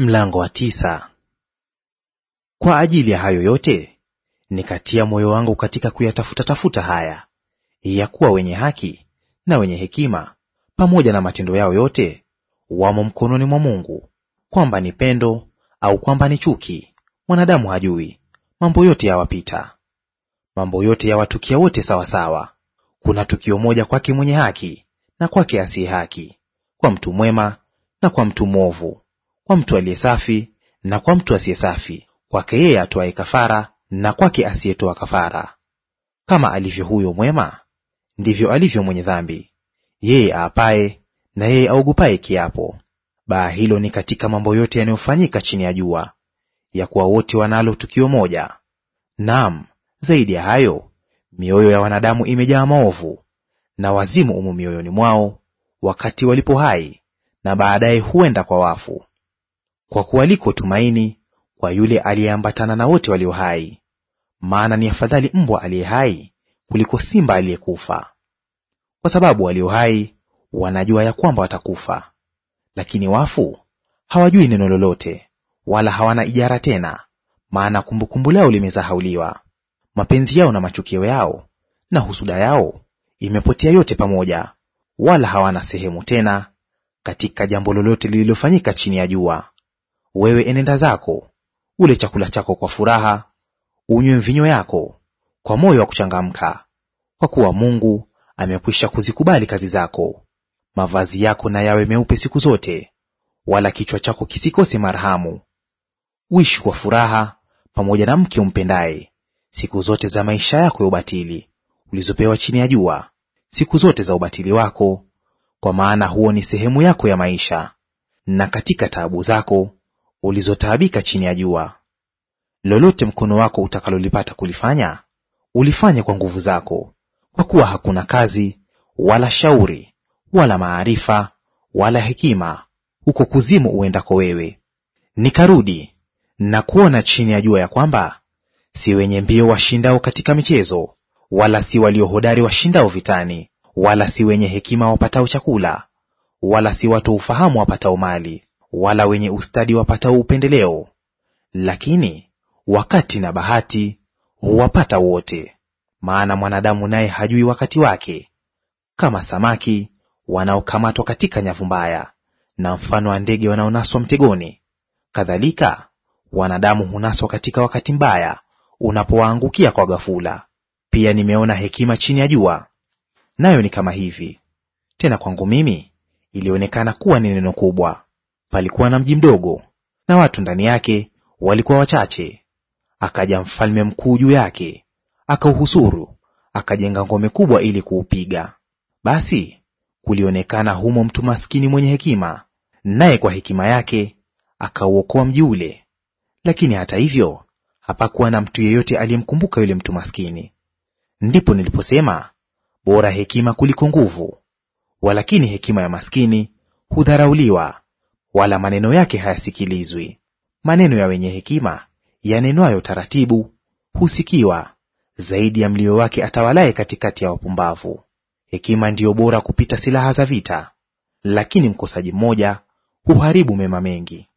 Mlango wa tisa. Kwa ajili ya hayo yote nikatia moyo wangu katika kuyatafuta tafuta haya, ya kuwa wenye haki na wenye hekima pamoja na matendo yao yote wamo mkononi mwa Mungu, kwamba ni pendo au kwamba ni chuki, mwanadamu hajui. Mambo yote yawapita, mambo yote yawatukia wote sawasawa. Kuna tukio moja kwake mwenye haki na kwake asiye haki, kwa mtu mwema na kwa mtu mwovu kwa mtu aliye safi na kwa mtu asiye safi, kwake yeye atoaye kafara na kwake asiyetoa kafara. Kama alivyo huyo mwema, ndivyo alivyo mwenye dhambi, yeye aapaye na yeye aogopaye kiapo. Baa hilo ni katika mambo yote yanayofanyika chini ya jua, ya kuwa wote wanalo tukio moja. Naam, zaidi ya hayo, mioyo ya wanadamu imejaa maovu, na wazimu umo mioyoni mwao wakati walipo hai, na baadaye huenda kwa wafu kwa kuwa liko tumaini kwa yule aliyeambatana na wote walio hai, maana ni afadhali mbwa aliye hai kuliko simba aliyekufa. Kwa sababu walio hai wanajua ya kwamba watakufa, lakini wafu hawajui neno lolote, wala hawana ijara tena, maana kumbukumbu lao limesahauliwa. Mapenzi yao na machukio yao na husuda yao imepotea yote pamoja, wala hawana sehemu tena katika jambo lolote lililofanyika chini ya jua wewe enenda zako, ule chakula chako kwa furaha, unywe mvinyo yako kwa moyo wa kuchangamka, kwa kuwa Mungu amekwisha kuzikubali kazi zako. Mavazi yako na yawe meupe siku zote, wala kichwa chako kisikose marhamu. Uishi kwa furaha pamoja na mke umpendaye siku zote za maisha yako ya ubatili ulizopewa chini ya jua, siku zote za ubatili wako, kwa maana huo ni sehemu yako ya maisha. Na katika taabu zako ulizotaabika chini ya jua. Lolote mkono wako utakalolipata kulifanya, ulifanye kwa nguvu zako, kwa kuwa hakuna kazi wala shauri wala maarifa wala hekima huko kuzimu uendako wewe. Nikarudi na kuona chini ya jua ya kwamba si wenye mbio washindao katika michezo, wala si waliohodari washindao vitani, wala si wenye hekima wapatao chakula, wala si watu ufahamu wapatao mali, wala wenye ustadi wapatao upendeleo, lakini wakati na bahati huwapata wote. Maana mwanadamu naye hajui wakati wake, kama samaki wanaokamatwa katika nyavu mbaya, na mfano wa ndege wanaonaswa mtegoni; kadhalika wanadamu hunaswa katika wakati mbaya unapowaangukia kwa ghafula. Pia nimeona hekima chini ya jua, nayo ni kama hivi; tena kwangu mimi ilionekana kuwa ni neno kubwa, palikuwa na mji mdogo, na watu ndani yake walikuwa wachache. Akaja mfalme mkuu juu yake, akauhusuru, akajenga ngome kubwa ili kuupiga. Basi kulionekana humo mtu maskini mwenye hekima, naye kwa hekima yake akauokoa mji ule. Lakini hata hivyo hapakuwa na mtu yeyote aliyemkumbuka yule mtu maskini. Ndipo niliposema bora hekima kuliko nguvu, walakini hekima ya maskini hudharauliwa wala maneno yake hayasikilizwi. Maneno ya wenye hekima yanenwayo taratibu husikiwa zaidi ya mlio wake atawalaye katikati ya wapumbavu. Hekima ndiyo bora kupita silaha za vita, lakini mkosaji mmoja huharibu mema mengi.